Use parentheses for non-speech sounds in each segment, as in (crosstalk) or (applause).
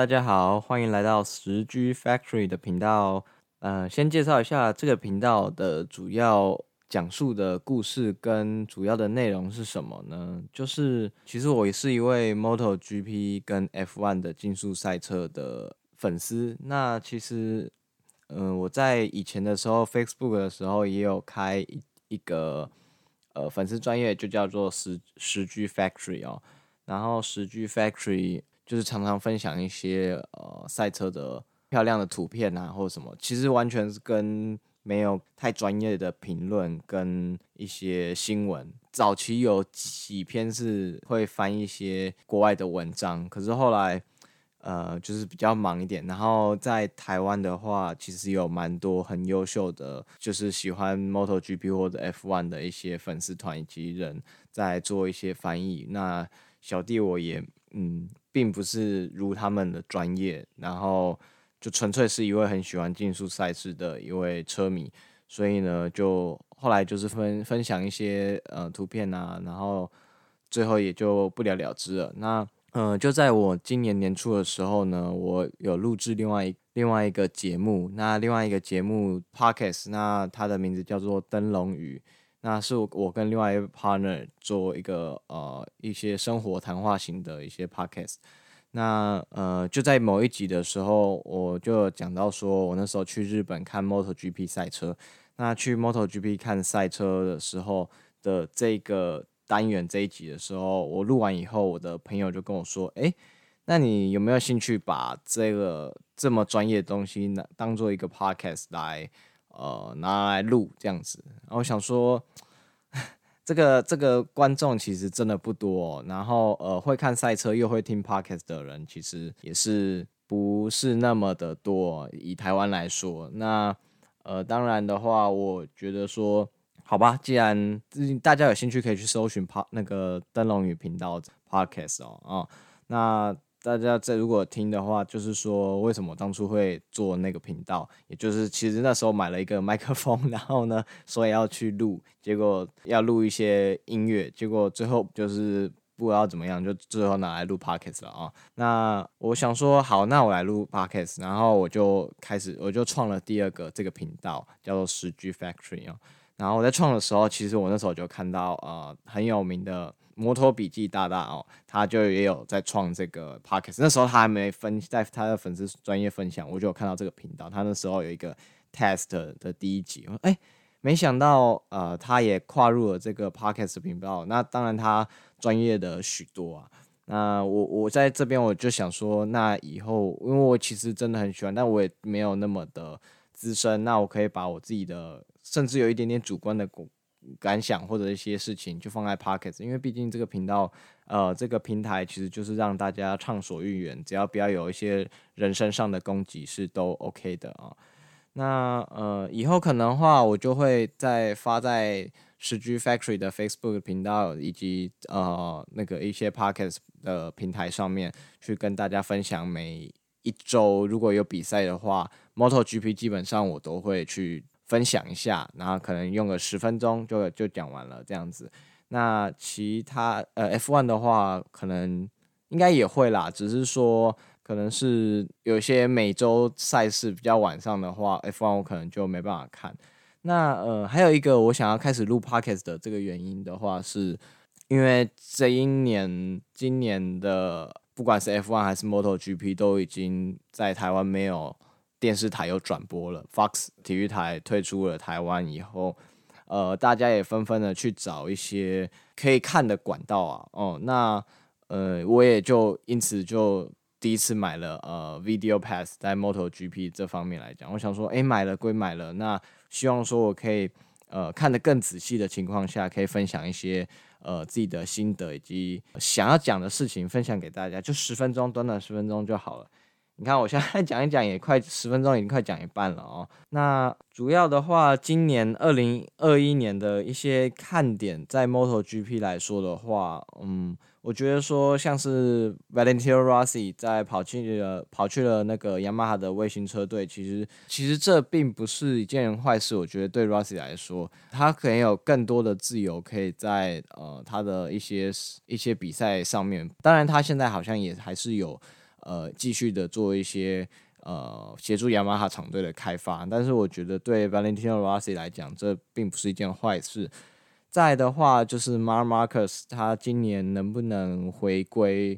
大家好，歡迎來到 10G Factory 的頻道。嗯、呃，先介紹一下這個頻道的主要講述的故事跟主要的內容是什麼呢？就是其實我也是一位 MotoGP 跟 F1 的競速賽車的粉絲。那其實，嗯、呃，我在以前的時候，Facebook 的時候也有開一一個呃粉絲專業，就叫做10、10G Factory 哦。然後 10G Factory。就是常常分享一些呃賽車的漂亮的圖片啊，或者什麼，其實完全是跟沒有太專業的評論跟一些新聞。早期有幾篇是會翻一些國外的文章，可是後來呃就是比較忙一點。然後在台灣的話，其實有蠻多很優秀的，就是喜歡 MotoGP 或者 F1 的一些粉絲團以及人在做一些翻譯。那小弟我也。嗯，並不是如他們的專業，然後就純粹是一位很喜歡競速賽事的一位車迷，所以呢，就後來就是分分享一些呃圖片啊，然後最後也就不了了之了。那嗯、呃，就在我今年年初的時候呢，我有錄制另外一另外一個節目，那另外一個節目 Podcast，那它的名字叫做《燈籠魚》。那是我我跟另外一個 partner 做一個呃一些生活談話型的一些 podcast。那呃就在某一集的時候，我就講到說我那時候去日本看 MotoGP 賽車。那去 MotoGP 看賽車的時候的這個單元這一集的時候，我錄完以後，我的朋友就跟我說：“哎、欸，那你有沒有興趣把這個這麼專業的東西拿、呃，拿當做一個 podcast 來呃拿來錄這樣子？”然後我想說，這個這個觀眾其實真的不多、哦。然後呃，會看賽車又會聽 podcast 的人，其實也是不是那麼的多、哦。以台灣來說，那呃，當然的話，我覺得說，好吧，既然大家有興趣，可以去搜尋 po 那個燈籠魚頻道 podcast 哦，哦那。大家在如果聽的話，就是說為什麼當初會做那個頻道，也就是其實那時候買了一個麥克風，然後呢，所以要去錄，結果要錄一些音樂，結果最後就是不知道怎麼樣，就最後拿來錄 Podcast 了啊、喔。那我想說，好，那我來錄 Podcast，然後我就開始，我就創了第二個這個頻道，叫做 10G Factory 啊、喔。然後我在創的時候，其實我那時候就看到呃很有名的。摩托筆記大大哦，他就也有在創這個 podcast 那時候他還沒分在他的粉絲專業分享，我就有看到這個頻道，他那時候有一個 test 的第一集，哎、欸，沒想到呃，他也跨入了這個 podcast 頻道，那當然他專業的許多啊，那我我在這邊我就想說，那以後因為我其實真的很喜歡，但我也沒有那麼的資深，那我可以把我自己的，甚至有一點點主觀的。感想，或者一些事情就放在 Podcast，因為畢竟這個頻道呃這個平台其實就是讓大家暢所欲言，只要不要有一些人身上的攻擊是都 OK 的啊。那呃以後可能的話，我就會再發在 10G Factory 的 Facebook 頻道以及呃那個一些 Podcast 的平台上面去跟大家分享。每一周如果有比賽的話，MotoGP 基本上我都會去。分享一下，然後可能用個十分鐘就就講完了這樣子。那其他呃 F1 的話，可能應該也會啦，只是說可能是有些每周賽事比較晚上的話，F1 我可能就沒辦法看。那呃還有一個我想要開始錄 Podcast 的這個原因的話是，是因為這一年今年的不管是 F1 還是 MotoGP 都已經在台灣沒有。電視台又轉播了，Fox 體育台退出了台灣以後，呃，大家也紛紛的去找一些可以看的管道啊。哦、嗯，那呃，我也就因此就第一次買了呃 Video Pass，在 MotoGP 這方面來講，我想說，哎，買了歸買了，那希望說我可以呃看得更仔細的情況下，可以分享一些呃自己的心得以及想要講的事情分享給大家，就十分鐘，短短十分鐘就好了。你看，我現在講一講也快十分鐘，已經快講一半了哦、喔。那主要的話，今年二零二一年的一些看點，在 MotoGP 來說的話，嗯，我覺得說像是 Valentino Rossi 在跑去了跑去了那個 Yamaha 的衛星車隊，其實其實這並不是一件壞事。我覺得對 Rossi 來說，他可能有更多的自由，可以在呃他的一些一些比賽上面。當然，他現在好像也還是有。呃，繼續的做一些呃，協助雅馬哈廠隊的開發，但是我覺得對 Valentino Rossi 來講，這並不是一件壞事。再的話就是 Marc Marquez 他今年能不能回歸？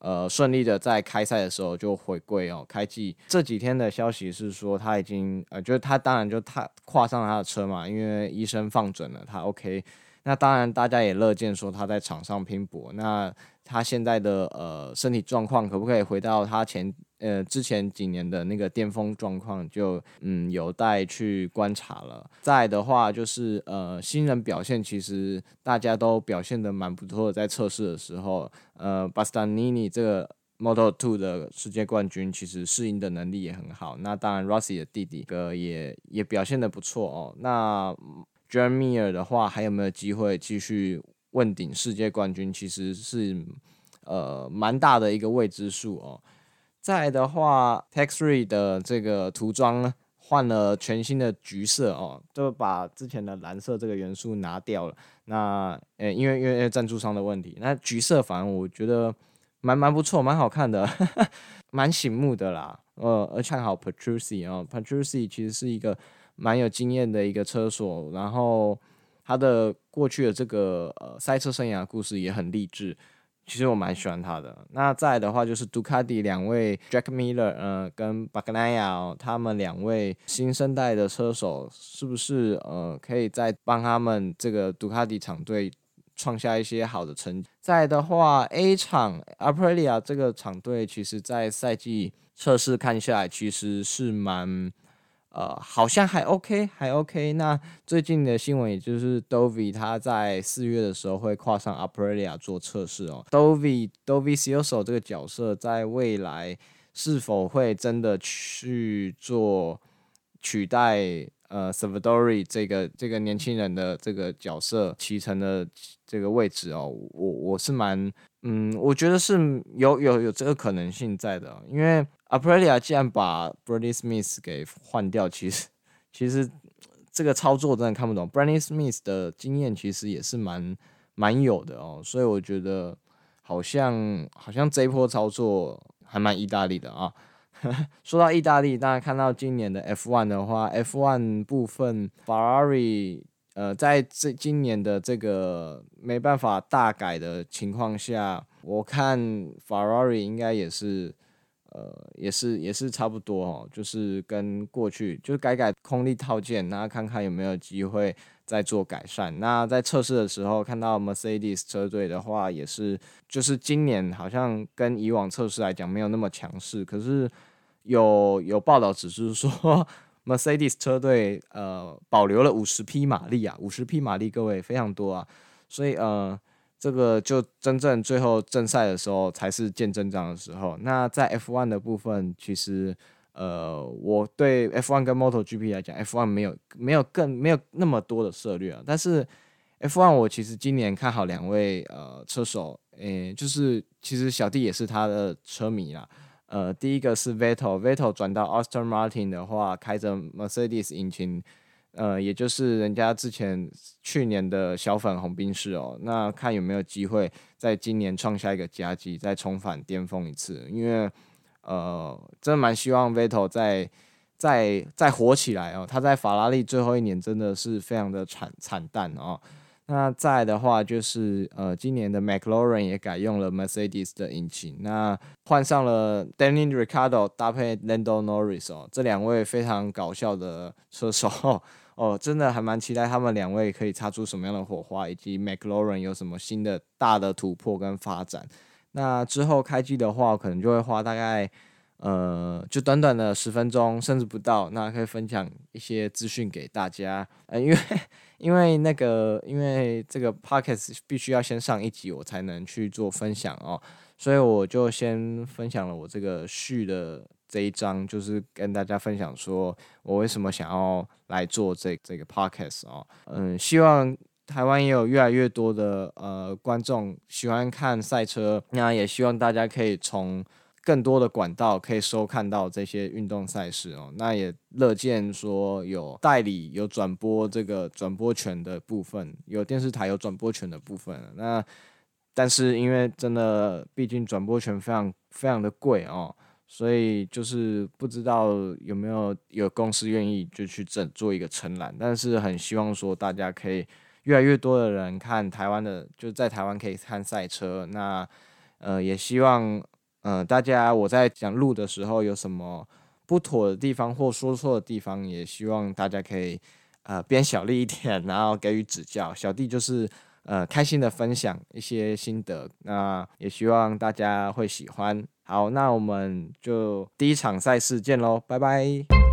呃，順利的在開賽的時候就回歸哦。開季這幾天的消息是說他已經呃，就是他當然就他跨上了他的車嘛，因為醫生放准了他 OK。那當然大家也樂見說他在場上拼搏那。他現在的呃身體狀況可不可以回到他前呃之前幾年的那個巔峰狀況就，就嗯有待去觀察了。再來的話就是呃新人表現，其實大家都表現得蠻不錯的，在測試的時候，呃，巴斯坦尼尼，這個 Moto2 的世界冠軍，其實適應的能力也很好。那當然 Rossi 的弟弟哥也也表現得不錯哦。那 Joan Mir、erm、的話，還有沒有機會繼續問鼎世界冠軍其實是呃蠻大的一個未知數哦。再來的話，Tech3 的這個塗裝換了全新的橘色哦，就把之前的藍色這個元素拿掉了。那誒、欸，因為因為贊助商的問題，那橘色反而我覺得蠻蠻不錯，蠻好看的，蠻 (laughs) 醒目的啦。呃，而恰好 Petrucci 啊、哦、Petrucci 其實是一個蠻有經驗的一個車手，然後。他的過去的這個呃賽車生涯的故事也很勵志，其實我蠻喜歡他的。那再的話就是杜卡迪兩位 Jack Miller，呃，跟 Bagnaia 他們兩位新生代的車手，是不是呃可以再幫他們這個杜卡迪廠隊創下一些好的成績？再的話，A 廠 Aprilia 這個廠隊，其實在賽季測試看下來，其實是蠻。呃，好像還 OK，還 OK。那最近的新聞，也就是 Dovi 他在四月的時候會跨上 Aprilia 做測試哦。Dovi Dovi Dovizioso 這個角色在未來是否會真的去做取代呃 Savadori 這個這個年輕人的這個角色騎乘的這個位置哦？我我是蠻嗯，我覺得是有有有這個可能性在的哦，因為。Aprilia 既然把 Bradley Smith 給換掉，其實其實這個操作真的看不懂。Bradley Smith 的經驗其實也是蠻蠻有的哦，所以我覺得好像好像這一波操作還蠻意大利的啊。呵呵說到意大利，大家看到今年的 F1 的話，F1 部分 Ferrari 呃，在這今年的這個沒辦法大改的情況下，我看 Ferrari 應該也是。呃，也是也是差不多哦，就是跟過去就改改空力套件，那看看有沒有機會再做改善。那在測試的時候看到 Mercedes 車隊的話，也是就是今年好像跟以往測試來講沒有那麼強勢，可是有有報道只是說呵呵 Mercedes 車隊呃保留了五十匹馬力啊，五十匹馬力各位非常多啊，所以呃。這個就真正最後正賽的時候才是見真章的時候。那在 F1 的部分，其實呃，我對 F1 跟 MotoGP 來講，F1 沒有沒有更沒有那麼多的策略啊。但是 F1 我其實今年看好兩位呃車手，誒、欸，就是其實小弟也是他的車迷啦。呃，第一個是 Vettel，Vettel 轉到 Aston Martin 的話，開着 Mercedes 引擎。呃，也就是人家之前去年的小粉紅賓士哦，那看有沒有機會在今年創下一個佳績，再重返巔峰一次。因為，呃，真的蠻希望 Vettel 再再再火起來哦。他在法拉利最後一年真的是非常的慘慘淡哦。那再的話就是，呃，今年的 McLaren 也改用了 Mercedes 的引擎，那換上了 Daniel Ricciardo 搭配 Lando Norris 哦，這兩位非常搞笑的車手哦。哦，真的還蠻期待他們兩位可以擦出什麼樣的火花，以及 McLaren 有什麼新的大的突破跟發展。那之後開機的話，可能就會花大概呃，就短短的十分鐘，甚至不到，那可以分享一些資訊給大家。呃，因為因為那個因為這個 podcast 必須要先上一集，我才能去做分享哦，所以我就先分享了我這個序的。這一章就是跟大家分享說，我為什麼想要來做這這個 podcast 啊、哦，嗯，希望台灣也有越來越多的呃觀眾喜歡看賽車，那也希望大家可以從更多的管道可以收看到這些運動賽事哦，那也樂見說有代理有轉播這個轉播權的部分，有電視台有轉播權的部分，那但是因為真的畢竟轉播權非常非常的貴哦。所以就是不知道有沒有有公司願意就去整做一個承攬，但是很希望說大家可以越來越多的人看台灣的，就是在台灣可以看賽車。那呃，也希望呃大家我在講路的時候有什麼不妥的地方或說錯的地方，也希望大家可以呃鞭小力一點，然後給予指教。小弟就是呃開心的分享一些心得，那也希望大家會喜歡。好，那我們就第一場賽事見嘍，拜拜。